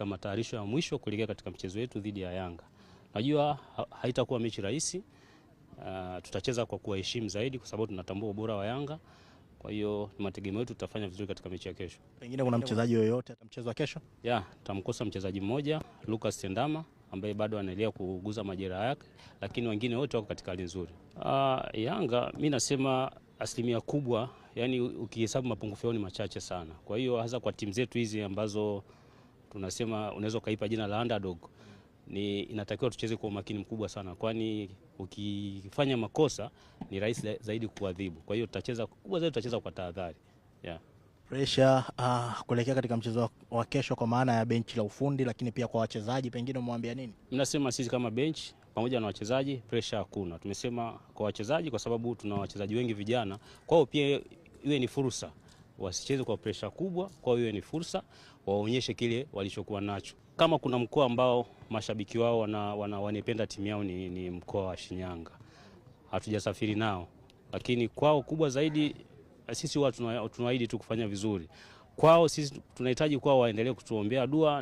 katika matayarisho ya mwisho kuelekea katika mchezo wetu dhidi ya Yanga. Najua haitakuwa mechi rahisi. Uh, tutacheza kwa kuwaheshimu zaidi kwa sababu tunatambua ubora wa Yanga. Kwa hiyo ni mategemeo yetu tutafanya vizuri katika mechi ya kesho. Pengine kuna mchezaji yoyote atamchezwa kesho? Yeah, tutamkosa mchezaji mmoja Lucas Tendama ambaye bado anaendelea kuuguza majeraha yake, lakini wengine wote wako katika hali nzuri. Uh, Yanga mi nasema asilimia kubwa, yani ukihesabu mapungufu yao ni machache sana. Kwa hiyo hasa kwa timu zetu hizi ambazo tunasema unaweza ukaipa jina la underdog, ni inatakiwa tucheze kwa umakini mkubwa sana, kwani ukifanya makosa ni rahisi zaidi kuadhibu. Kwa hiyo tutacheza kubwa zaidi, tutacheza kwa tahadhari yeah. Presha uh, kuelekea katika mchezo wa kesho kwa maana ya benchi la ufundi, lakini pia kwa wachezaji, pengine umwambia nini? Mnasema sisi kama benchi pamoja na wachezaji, presha hakuna. Tumesema kwa wachezaji kwa sababu tuna wachezaji wengi vijana, kwao pia iwe ni fursa wasicheze kwa presha kubwa, kwao hiyo ni fursa, waonyeshe kile walichokuwa nacho. Kama kuna mkoa ambao mashabiki wao wana, wana, timu yao ni, ni mkoa wa Shinyanga. Hatujasafiri nao, lakini kwao kubwa zaidi sisi huwa tunawaahidi tu kufanya vizuri kwao. Sisi tunahitaji kwao waendelee kutuombea dua.